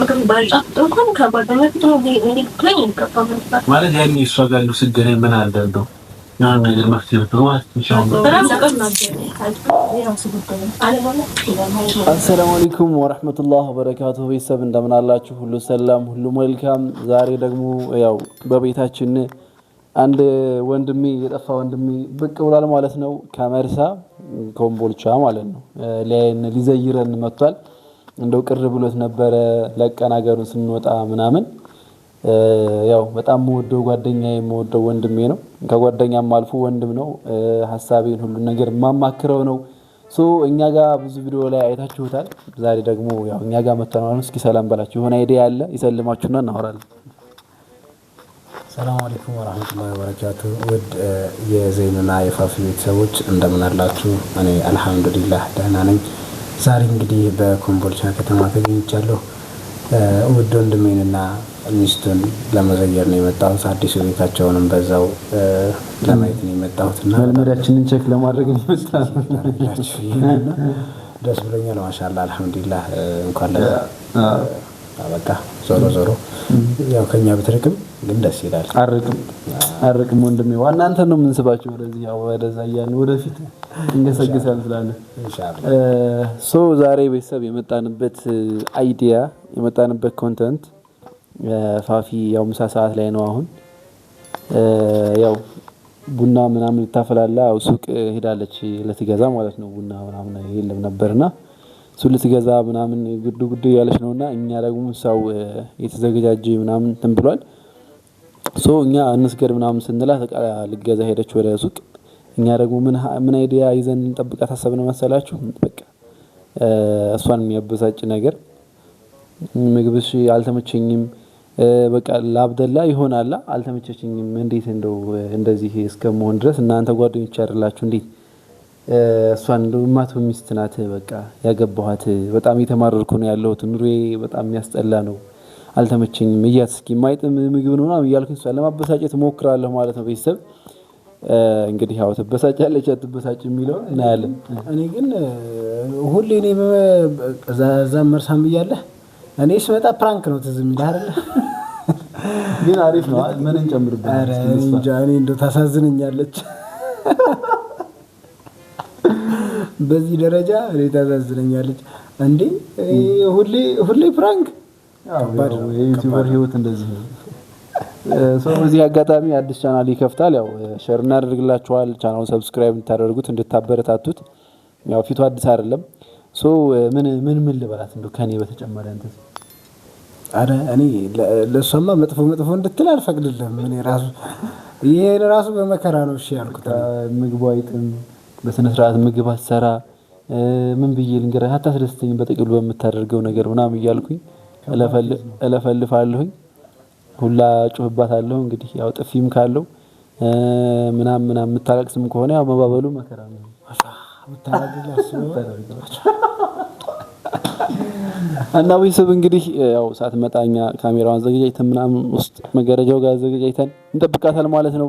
ምክር ባልጫት እንኳን ከጓደኛ ፊት እንዲክለኝ ይገባ ማለት ያኔ እሷ ጋር ስገናኝ ምን አደርገው ያን ነገር መፍትሄ አሰላሙ አለይኩም ወራህመቱላህ ወበረካቱ። ቤተሰብ እንደምን አላችሁ? ሁሉ ሰላም፣ ሁሉ መልካም። ዛሬ ደግሞ ያው በቤታችን አንድ ወንድሜ የጠፋ ወንድሜ ብቅ ብሏል ማለት ነው። ከመርሳ ኮምቦልቻ ማለት ነው። ሊያየን ሊዘይረን መጥቷል። እንደው ቅር ብሎት ነበረ ለቀን ሀገሩን ስንወጣ ምናምን። ያው በጣም የምወደው ጓደኛ የምወደው ወንድሜ ነው። ከጓደኛም አልፎ ወንድም ነው። ሀሳቤን ሁሉ ነገር የማማክረው ነው። ሶ እኛ ጋር ብዙ ቪዲዮ ላይ አይታችሁታል። ዛሬ ደግሞ ያው እኛ ጋር መተናነን። እስኪ ሰላም በላችሁ። የሆነ አይዲያ ያለ ይሰልማችሁና እናወራለን። ሰላም አለይኩም ወራህመቱላሂ ወበረካቱ። ውድ የዘይንና የፋፊ ቤተሰቦች እንደምን አላችሁ? እኔ አልሐምዱሊላህ ደህና ነኝ። ዛሬ እንግዲህ በኮምቦልቻ ከተማ ተገኝቻለሁ። ውድ ወንድሜንና ሚስቱን ለመዘየር ነው የመጣሁት። አዲሱ ቤታቸውንም በዛው ለማየት ነው የመጣሁት እና መልመዳችንን ቼክ ለማድረግ ይመስላል። ደስ ብሎኛል። ማሻላ አልሐምዱሊላህ እንኳን አበቃ። ዞሮ ዞሮ ያው ከኛ ብትርቅም ግን ደስ ይላል። አርቅም አርቅም ወንድሜ፣ ዋና አንተ ነው የምንስባቸው ወደዚህ ያው ወደዛ እያልን ወደፊት እንገሰግሳል ስላለ ሶ ዛሬ ቤተሰብ የመጣንበት አይዲያ የመጣንበት ኮንተንት ፋፊ ያው ምሳ ሰዓት ላይ ነው አሁን ያው ቡና ምናምን ይታፈላለ ያው ሱቅ ሄዳለች ለትገዛ ማለት ነው ቡና ምናምን የለም ነበርና እሱ ልትገዛ ምናምን ጉዱ ጉዱ እያለች ነው እና እኛ ደግሞ ሰው የተዘገጃጀ ምናምን ትን ብሏል። ሶ እኛ እንስገድ ምናምን ስንላት ልገዛ ሄደች ወደ ሱቅ። እኛ ደግሞ ምን አይዲያ ይዘን እንጠብቃት አሰብን መሰላችሁ? በቃ እሷን የሚያበሳጭ ነገር ምግብሽ አልተመቸኝም፣ በቃ ላብደላ ይሆናላ አልተመቸችኝም። እንዴት እንደው እንደዚህ እስከመሆን ድረስ እናንተ ጓደኞች አይደላችሁ እንዴት እሷን ማቶ ሚስት ናት በቃ ያገባኋት። በጣም እየተማረርኩ ነው ያለሁት። ኑሮዬ በጣም የሚያስጠላ ነው፣ አልተመቸኝም እያት እስኪ የማይጥም ምግብ ነው ምናምን እያልኩኝ እሷን ለማበሳጨት እሞክራለሁ ማለት ነው። ቤተሰብ እንግዲህ ያው ትበሳጫለች አትበሳጭ የሚለው እናያለን። እኔ ግን ሁሌ እኔ ዛ መርሳም ብያለህ። እኔ ስመጣ ፕራንክ ነው ትዝ የሚልህ አይደለ? ግን አሪፍ ነው። ምን እንጨምርበት? እኔ እንደ ታሳዝነኛለች በዚህ ደረጃ እኔ ታሳዝነኛለች እንዴ! ሁሌ ፍራንክ የዩቲዩበር ህይወት እንደዚህ ነው። ሰው በዚህ አጋጣሚ አዲስ ቻናል ይከፍታል። ያው ሸር እናደርግላችኋል። ቻናሉን ሰብስክራይብ እንድታደርጉት እንድታበረታቱት። ያው ፊቱ አዲስ አይደለም። ሶ ምን ምን ምን ልበላት እንደው ከኔ በተጨመረ እንትን አረ እኔ ለእሷማ መጥፎ መጥፎ እንድትል አልፈቅድልም። እኔ ራሱ ይሄን ራሱ በመከራ ነው እሺ ያልኩት ምግቡ አይጥም በስነ ስርዓት ምግብ አትሰራ ምን ብዬ ልንገርህ አታስደስተኝ በጥቅሉ በምታደርገው ነገር ምናምን እያልኩኝ እለፈልፋለሁኝ ሁላ ጮህባታለሁ። እንግዲህ ያው ጥፊም ካለው ምናምን ምናምን የምታለቅስም ከሆነ ያው መባበሉ መከራ ነው። እና ቤተሰብ እንግዲህ ያው ሰዓት መጣኛ ካሜራውን አዘገጃጅተን ምናምን ውስጥ መጋረጃው ጋር አዘገጃጅተን እንጠብቃታል ማለት ነው።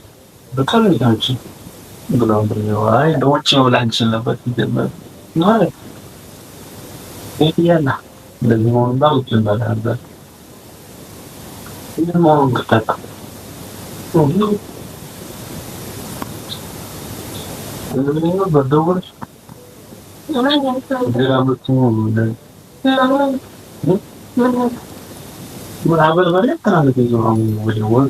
በቀለል አንቺ ብሎ ብለው አይ በውጭ ነው ላንቺ ነበር ይደመር ነው ይያላ ለዚህ ነው ባውጭ ነበር ይልማውን ከተታ ነው በደወልሽ ምን ምን ምን አበል ማለት ተናገኝ ነው ወደ ወል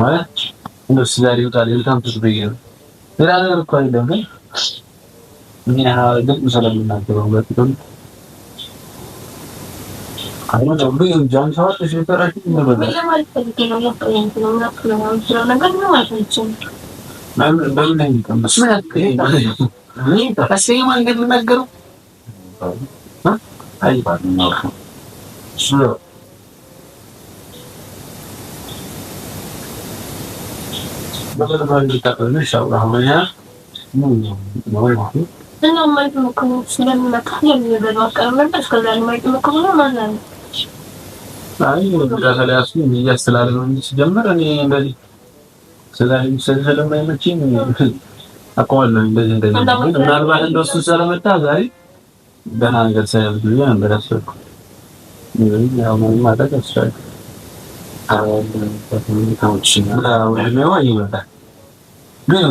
ማለት እንደው ስዛሬ ይወጣል ልታምጡት ብዬ ነው። ሌላ ነገር እኮ አይደለም ግን ግን ስለምናገረው በፊትም በምን እና የማይጠመቅሙ ስለሚመጣ ነው ሲጀምር እኔ እንደዚህ ስለማይመችኝ አውቀዋለሁ። እንደዚህ እንደዚህ ምናልባት እንደው ስለመጣ ዛሬ ደህና ነገር ሳይል ብዬ ነበር ያሰብኩት። ግን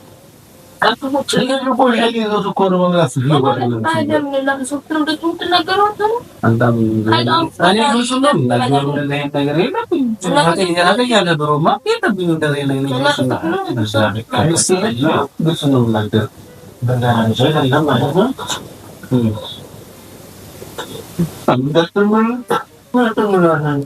gusto nung nagdip. Bandahan siya, alam mo na. Ang dapat mo, matulungan.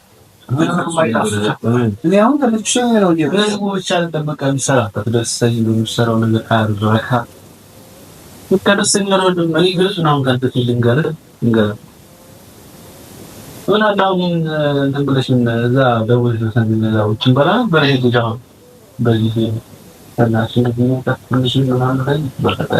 እኔ አሁን ተለቅሼ ነው ብቻ በቃ የሚሰራበት ደስተኝ የሚሰራው ነገር አያርዞ በቃ ደስተኛ ነው። እኔ ግልጽ ነው። አንተ ልንገርህ ልንገርህ ምን አለ አሁን እንትን ብለሽ እዛ ደውለሽ ውጭ እንበላ ነበር ይሄ ልጅ አሁን በዚህ እናትሽን ትንሽ ምናምን ላይ በቃ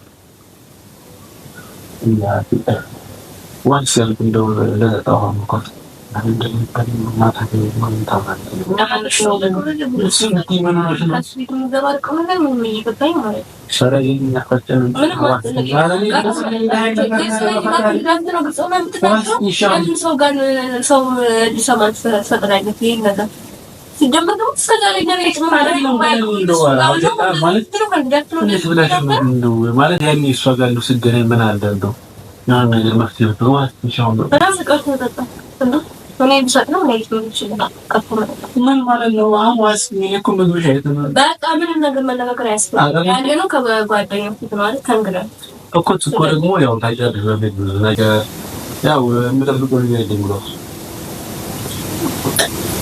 ሰው ጋር ሰው ሊሰማ ፈቅዳለት ይህን ነገር ሲጀምር ማለት ያኔ እሷ ጋር ነው ስገናኝ ምን አለ እንደው ነገር መፍትሄ ምን ማለት ነው? አሁንስ እኮ ምግብ ሻይ በቃ ምንም ነገር መነጋገር አያስፈልግም። ያለ ነው ከጓደኛው ፊት ማለት ከእንግዳ እኮ እኮ ደግሞ ያው ታውቂያለሽ ነገር ያው የምጠብቀው ነገር የለኝም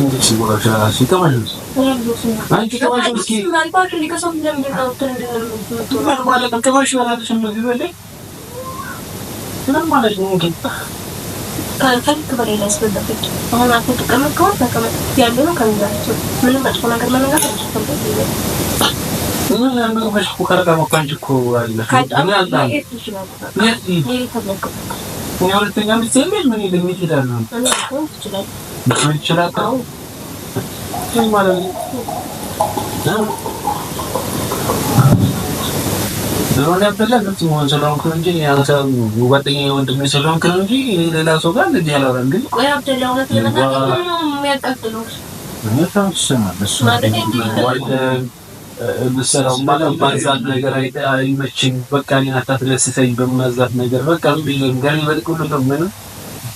ምን ሁለተኛ ምን ይሄዳል ነው ብዙ ይችላል ማለት ያበላ ግልጽ መሆን ስለሆንክ ነው እንጂ አንተ ጓደኛዬ ወንድሜ ስለሆንክ ነው እንጂ ሌላ ሰው ጋር እንደዚህ አላወራም። ግን ቆይ ነገር አይመችኝ። በቃ እኔን አታስደስተኝ በማዛት ነገር በቃ ሁሉ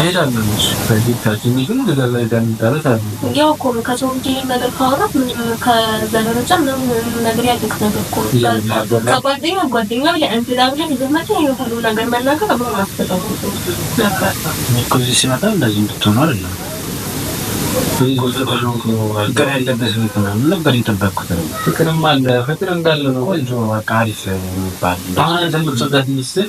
እሄዳለሁ ከቤታችን ግን ነገር ላይ ዳሚጣለት አለ ያው እኮ ከሰው እንጂ ነገር ከሆናት ምንም ምንም ነገር ያለክ ነገር ከጓደኛ ጓደኛ ብለህ እንትን ብለህ የዘመድህ ሁሉ ነገር መናገር በማስፈጠሩ ነበር እዚህ ሲመጣ እንደዚህ እንድትሆኑ አይደለም ፍቅር ያለበት ቤት ምናምን ነበር የጠበቅኩት። ፍቅርም አለ ፍቅር እንዳለ ነው ቆንጆ በቃ አሪፍ የሚባል አሁን አንተ ምጽበት ሚስትህ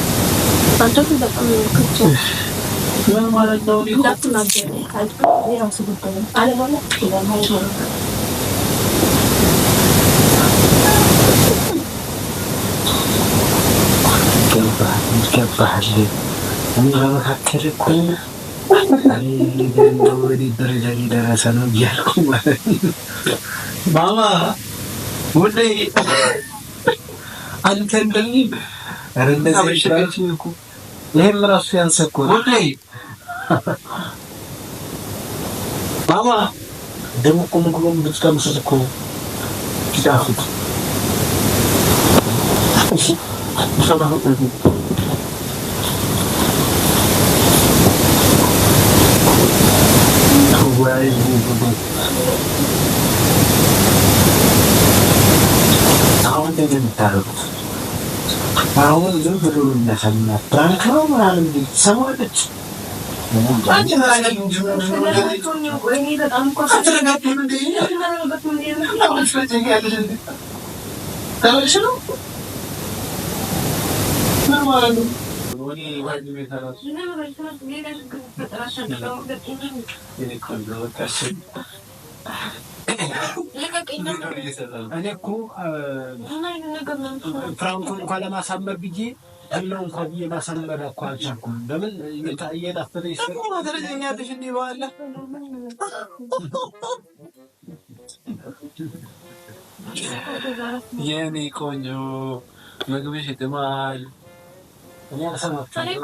ባንተቱ በጣም ይገባሃል። እኔ በመካከል እኮ እንደው ወዴት ደረጃ እየደረሰ ነው እያልኩ ማለት ነው። ማማ ሁሌ አንተ እንደሚል 1950. Conta aí. Mama, demo como como do que você com que tá feito. Que uma pergunta. Vai, Aonde ele está? አሁን ዝም ብሎ ይነሳልና ፕራንክ ነው ምናምን ሰማለች። እኔ ፍራንኩን እንኳ ለማሳመር ብዬ እለው እንኳ ብዬ ማሳመር እኮ አልቻልኩም። ለምን እየጣፈጠ ይሰደረጀኛለሽ እንዲህ በኋላ የኔ ቆንጆ ምግብሽ ይጥማል። እኔ አልሰማችሁም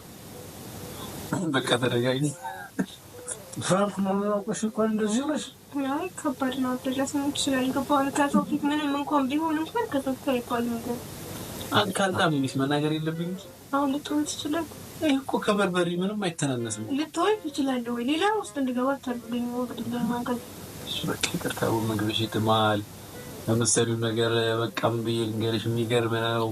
በቃ ተደጋግኝ ፍራንክ መሆኑ አውቀሽ እንኳን እንደዚህ ነሽ። ከባድ ነው። ደረስ ነው ስላልገባው ከሰው ፊት ምንም እንኳን ቢሆን እንኳን ከሰው ፊት አይባል ነገር ካልጣ ሚስ መናገር የለብኝ። አሁን ልትሆን ትችላል። ይህ እኮ ከበርበሪ ምንም አይተናነስም። ልትሆን ትችላለ ወይ ሌላ ውስጥ እንድገባ ታደርገኝ ወግድላ ማገል በቃ ይቅርታ፣ ምግብሽ ይጥማል። ለምሳሌው ነገር በቃም ብዬ ልንገርሽ የሚገርም ነው።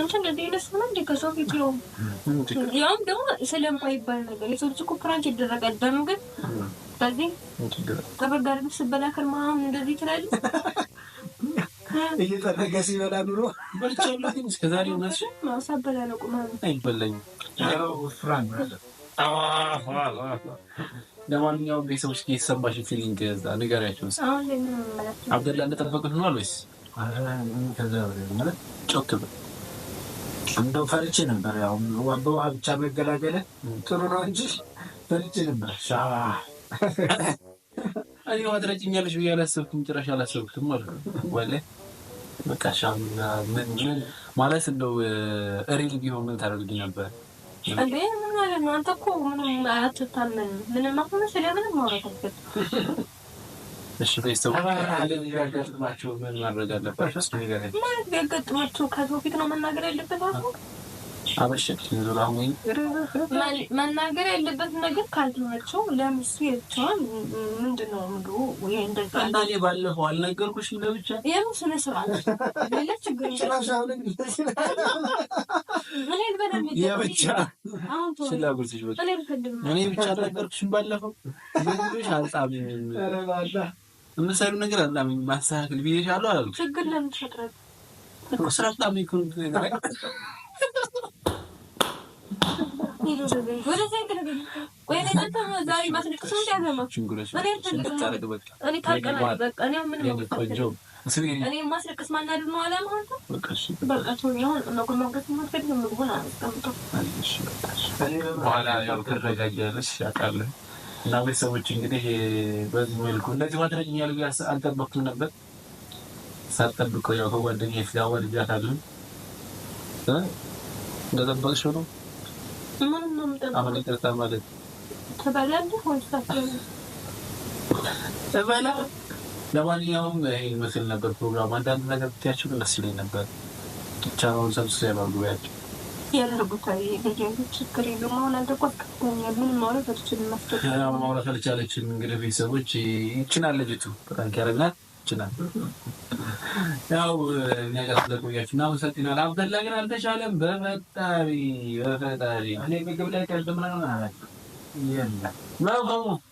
አንቺን እንደ ደስ ነው እንደ ከሰው ፊት ነው ያም ደግሞ ስለማይባል ነገር የሰው ልጅ እኮ ፕራንክ ይደረጋል። በምን ግን በዚህ ተበጋሪ ስበላ ከርማ እንደዚህ ትላለች። እየጠረገ ሲበላ ኑሮ በልቻለሁ ማሳበላ ነው ቁማ አይበላኝም። ለማንኛውም ቤተሰቦች የተሰማሽ ፊሊንግ ንገሪያቸው። አብደላ እንደጠበቅን ሆኗል ወይስ ጮክ ብል እንደው ፈርቼ ነበር። ያው በውሃ ብቻ መገላገለ ጥሩ ነው እንጂ ፈርቼ ነበር። እኔ ውሃ ብዬ አላሰብኩም፣ ጭራሽ አላሰብኩትም ወላሂ በቃ ምን ማለት እንደው እሪል ቢሆን ምን ታደርግልኝ ነበር እንዴ? ምን ማለት ነው? አንተ እኮ ምንም ምንም አሁን ስለምንም ማውራት አልፈልግም እሺ ምን ማድረግ አለባቸው? እስኪ ንገረኝ። ነው መናገር ያለበት። አበሸት መናገር ያለበት ነገር ካልተዋቸው ለምሱ የቸዋል ምንድን ነው ምግቡ? እንዳኔ ባለፈው አልነገርኩሽም? ለብቻ የምን ስነ ስርዓት ሌላ ችግር የብቻ እኔ ብቻ አልነገርኩሽም ባለፈው ሽ አልጣም የምትሰሪው ነገር አላመኝ ማስተካከል ብዬሽ አሉ አላልኩሽ? ችግር ለምን ትሸጥረብ እኮ ስራ አላመኝ እኮ ነገር በኋላ ያው ትረጋጊያለሽ ያውቃለህ እና ቤተሰቦች እንግዲህ በዚህ መልኩ እንደዚህ ማድረግ እኛል አልጠበቅኩም ነበር። ሳትጠብቀው ያው ከጓደኛ ፊት አወርጃታለሁ። እንደጠበቅሽው ነው። አሁን ይቅርታ ማለት ትበላለህ እበላ። ለማንኛውም ይህን ምስል ነበር ፕሮግራም። አንዳንድ ነገር ብትያችሁ ደስ ይለኝ ነበር። ቻናሉን ሰብስክራይብ አድርጉ ያቸው ችግር የለም። አሁን አልተቋቀኛል ምን ማውረት አልችልም። ማውረት አልቻለችም። እንግዲህ ቤተሰቦች ይችናል፣ ልጅቱ በጣም ያረግናል ይችላል። ያው እኛ ጋር ስለቆያችሁ እናመሰግናለን። አብደላ ግን አልተቻለም። በፈጣሪ በፈጣሪ እኔ ምግብ ላይ ቀልድ ምናምን አላውቅም። የለም ነው